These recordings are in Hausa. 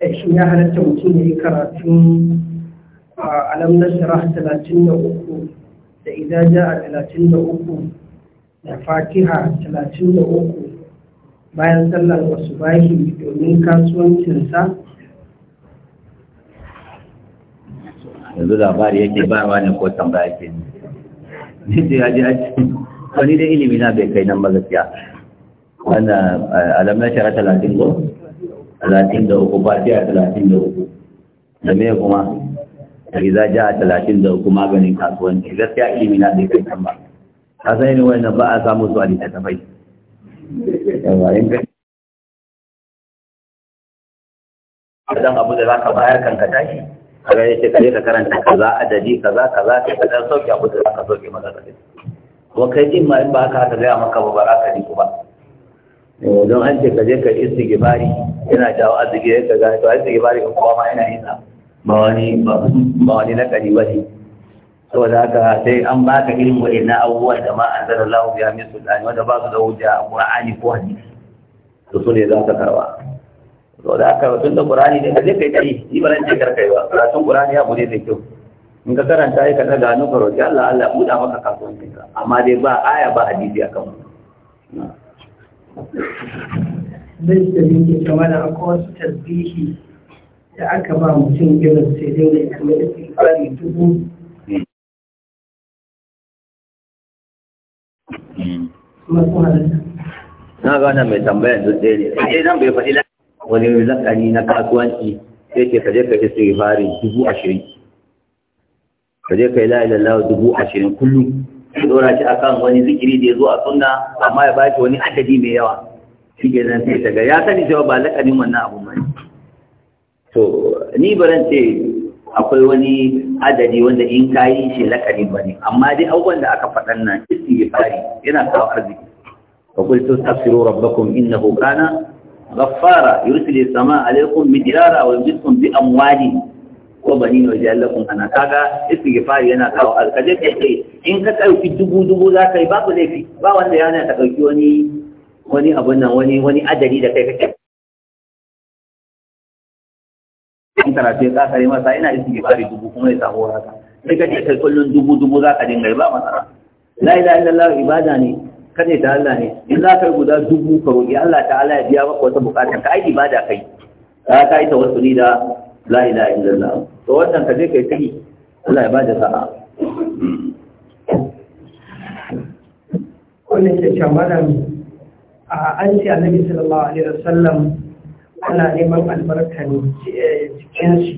Eh, shi ya halatta mutum ya yi karatun alam na shara talatin da uku da idaja a talatin da uku da fatiha talatin da uku bayan sallar wasu bashi domin kasuwancinsa yanzu labari yake ba ne ko tambaya ke ne da ya ji ake wani da ilimi na bai kai nan mazafiya, gaskiya wannan eh, shara talatin da talatin da uku fatiha talatin da uku da me kuma riza ja talatin da uku maganin kasuwanci gaskiya ilimi na zai kai kan ba a sai ne wannan ba a samu su a littattafai yawa in ka dan abu da zaka bayar kanka tashi kaga yace kare ka karanta ka, za adadi kaza ka za ka za dan sauke abu da zaka sauke maza kai ko kai din ma in ba ka ka ga maka ba ba ka ji ko ba Eh, don an ce ka je ka istighfari yana jawo arziki ka gani to istighfari ka kowa ma yana yin ba wani ba wani na kari ba ne saboda haka sai an baka irin ina abubuwan da ma zara Allah ya min sultani wanda ba su da wuce a ƙura'ani ko hadisi to su ne za ka karba saboda haka tun da ƙura'ani ne ka je yi, kai ni ba ran ce karkai ba karatun ƙura'ani ya bude da kyau in ka karanta ya kaɗa gano ka roki Allah Allah buɗa maka kasuwancinka amma dai ba aya ba hadisi kan mu. duk da yake cewa da akwai wasu tasbihi da aka ba mutum irin sai dai ne kamar da dubu na ga wannan mai tambayar duk ɗaya ne sai bai faɗi wani lakani na kasuwanci sai ke kaje ka istighfari dubu ashirin kaje ka yi la'ilallahu dubu ashirin kullum zai dora shi akan wani zikiri da ya zo a sunna amma ya baki wani adadi mai yawa shi ke nan sai daga ya sani cewa ba lakanin wannan abu mai to ni baran ce akwai wani adadi wanda in ka yi shi lakanin ba ne amma dai abubuwan da aka faɗan nan fari yana kawo arziki fa qul tafsiru rabbakum innahu kana ghaffara yursilu as alaykum midrara wa yumditkum bi amwalin wa ne wajen jallakum ana kaga istighfari yana kawo alkaje ce in ka ɗauki dubu dubu za ka yi babu laifi ba wanda yana ta ɗauki wani wani abun nan wani wani adadi da kai kake in karatu ya kare masa ina istighfari dubu kuma ya samu haka sai ka ce kai kullum dubu dubu za ka dinga ba masara la ilaha illallah ibada ne kane ta Allah ne in za ka yi guda dubu ka roƙi Allah ta'ala ya biya maka wata bukata ka ai ibada kai ka ta yi tawassuli da la ilaha illallah to wannan ka je kai kai Allah ya bada sa'a wannan ke shamaran a an ce annabi sallallahu alaihi wasallam ana neman albarkan cikin eh, shi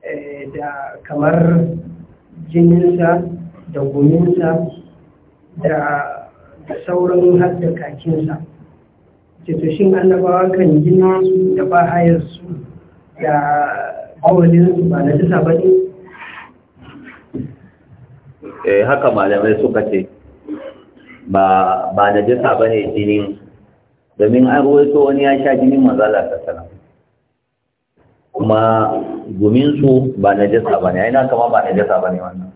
eh, da kamar jininsa da guminsa da sauran hadda kakinsa ce to shin annabawa kan gina su da bahayar su Ya awalin su ba na jisa ba ne? eh haka malamai suka ce ba na jisa ba ne jinin domin an ruwaito wani ya sha jinin mazala ta sana kuma guminsu ba na jisa ba ne yana kama ba na jisa ba ne wannan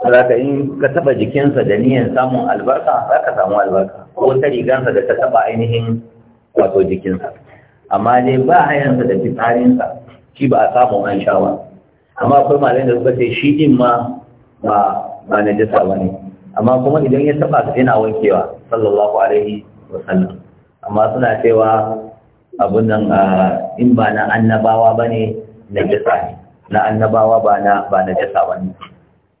ka in ka taba jikinsa da niyan samun albarka za ka samu albarka ko ta rigansa da ta taba ainihin wato jikinsa amma dai ba a yanzu da fitsarinsa shi ba a samu an shawa amma akwai malayin da suka ce shi din ma ba ba na jisa ba ne amma kuma idan ya taba su yana wankewa sallallahu alaihi wa sallam amma suna cewa abun nan in ba na annabawa ba ne na jisa ne na annabawa ba na ba na jisa ba ne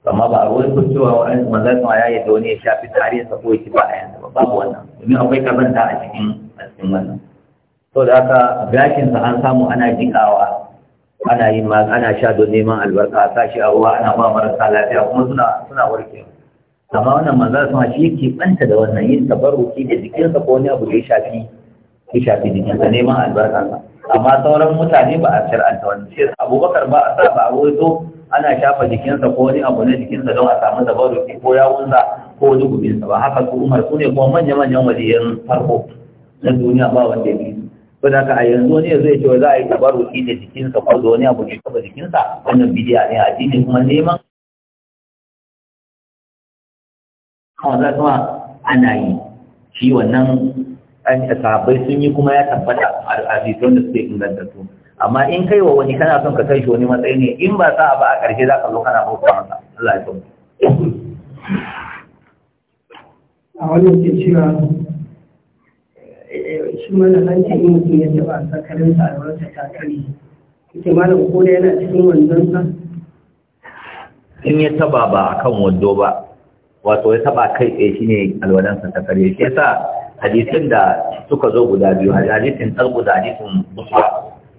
amma ba a ruwan kusurwa wani manzan sama ya yi da wani ya shafi tarihinsa ko ya ci ba a yanzu ba babu wannan domin akwai kazanta a cikin a cikin wannan so da aka gashinsa an samu ana jikawa ana yin ma ana sha don neman albarka a sashi a ruwa ana ba marasa lafiya kuma suna suna warke amma wannan manzo sun shi yake banta da wannan yin tabarruki da jikinsa ko wani abu da ya shafi ya shafi jikinsa neman albarka amma sauran mutane ba a shar'anta wannan shi abubakar ba a sa ba a to ana shafa jikinsa ko wani abu na jikinsa don a samu tabarruki ko yawunsa ko wani gubinsa ba haka su umar su ne kuma manya-manyan wajen farko na duniya ba wanda ya bi ko ka a yanzu ne zai cewa za a yi tabaruki da jikinsa ko da wani abu ne kaba jikinsa wannan bidiya ne a cikin kuma neman kawai za kuma ana yi shi wannan sahabbai sun yi kuma ya tabbata a hadisun da suke ingantattu amma in kai wa wani kana son ka kai shi wani matsayi ne in ba sa ba a ƙarshe za ka zo kana bauta masa Allah ya tsawo a wani yake cewa shi mana hancin in mutum ya taɓa sakarin sa albarka ta kare ita malam ko da yana cikin wandon sa in ya taɓa ba a kan wando ba wato ya taɓa kai tsaye shine alwalansa ta kare shi yasa hadisin da suka zo guda biyu hadisin talbu da hadisin busra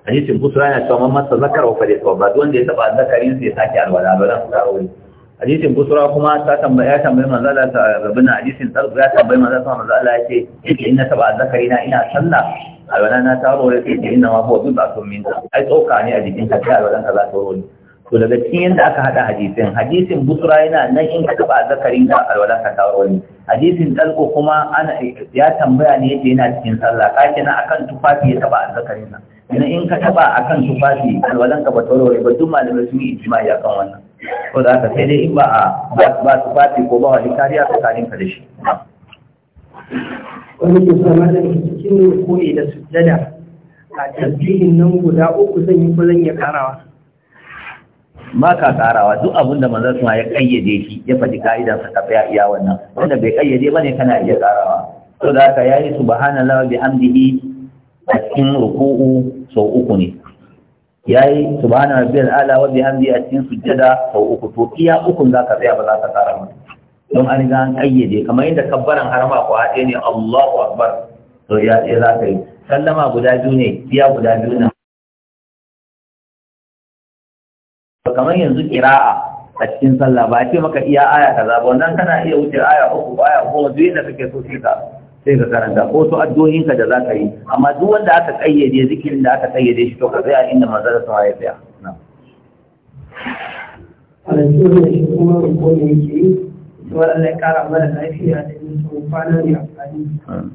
hadisin busra yana cewa man masa zakar wa fadisa ba wanda ya taɓa zakarin sai sake alwala alwalan sa ta hadisin busra kuma ta tambaya tambayi manzo Allah ta rabina hadisin tarzu ya tambayi manzo Allah manzo Allah yace inna taba zakari na ina sallah alwala na ta rore sai inna ma huwa bid'a min ai tsoka ne a jikin ka sai alwala za ta rore to daga cikin yadda aka haɗa hadisin hadisin busra yana nan in ka taba zakari na alwala ka ta rore hadisin talko kuma ana ya tambaya ne yake yana cikin sallah ka kenan akan tufafi ya taba zakarin na? Ina in ka taba akan tufafi alwalan ka ba ta rore ba duk malamai sun yi ijma'i akan wannan ko da aka sai dai in ba a ba su fati ko ba wani kariya tsakanin ka da shi wani ke sa mata da cikin koyi da sujjada a tasirin nan guda uku zan yi kullun ya karawa ba ka karawa duk abin da manzon suna ya kayyade shi ya faɗi ka'idar sa tafiya iya wannan wanda bai kayyade ba ne kana iya karawa Ko da aka yayi subhanallahi bihamdihi a cikin ruku'u sau uku ne Ya yayi subhana biyar ala wa bihamdi a cikin sujjada sau uku to iya ukun zaka tsaya ba za ka tsara ba don an ga an kayyade kamar yadda kabbaran harma ko haɗe ne Allahu akbar to ya za ka yi sallama guda biyu ne iya guda biyu ne kamar yanzu kira'a a cikin sallah ba ce maka iya aya kaza ba wannan kana iya wuce aya uku aya goma duk inda kake so sai ka sai ka karanta ko su addu'o'inka da za ka yi amma duk wanda aka kayyade zikirin da aka kayyade shi to ka tsaya inda manzara sa ya tsaya alaƙiru da shi kuma rubo yake yi tuwar Allah ya ƙara mana lafiya da yin sun kwana mai amfani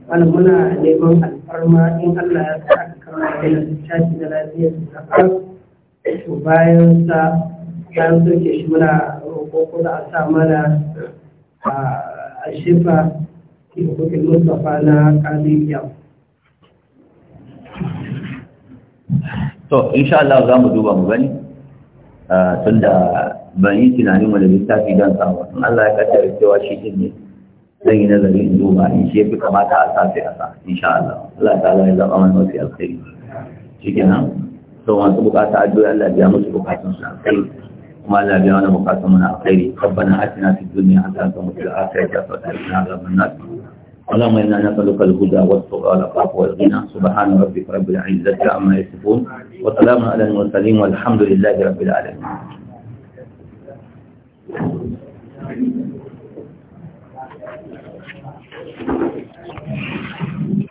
wani muna neman alfarma in Allah ya sa aka kama da yin tashi da lafiya su na to bayan sa ya soke shi muna roƙo ko da a sa mana a shifa ibn to insha Allah za mu duba mu gani ah, tunda ban yi tunanin wani littafi don samu tun Allah ya kaddara cewa shi din ne zan yi nazari in duba in shi fi kamata a sa fi asa, insha Allah Allah ta Allah ya wani mana wasu alkhairi shikenan to masu bukata addu'a Allah biya musu bukatun su alkhairi kuma Allah wani biya mana bukatun mu na alkhairi duniya a fid dunya hasanatan wa fil yi hasanatan da qina adhaban nasu. اللهم إنا نسألك الهدى والتقى والعفو والغنى سبحان ربك رب العزة عما يصفون وسلام على المرسلين والحمد لله رب العالمين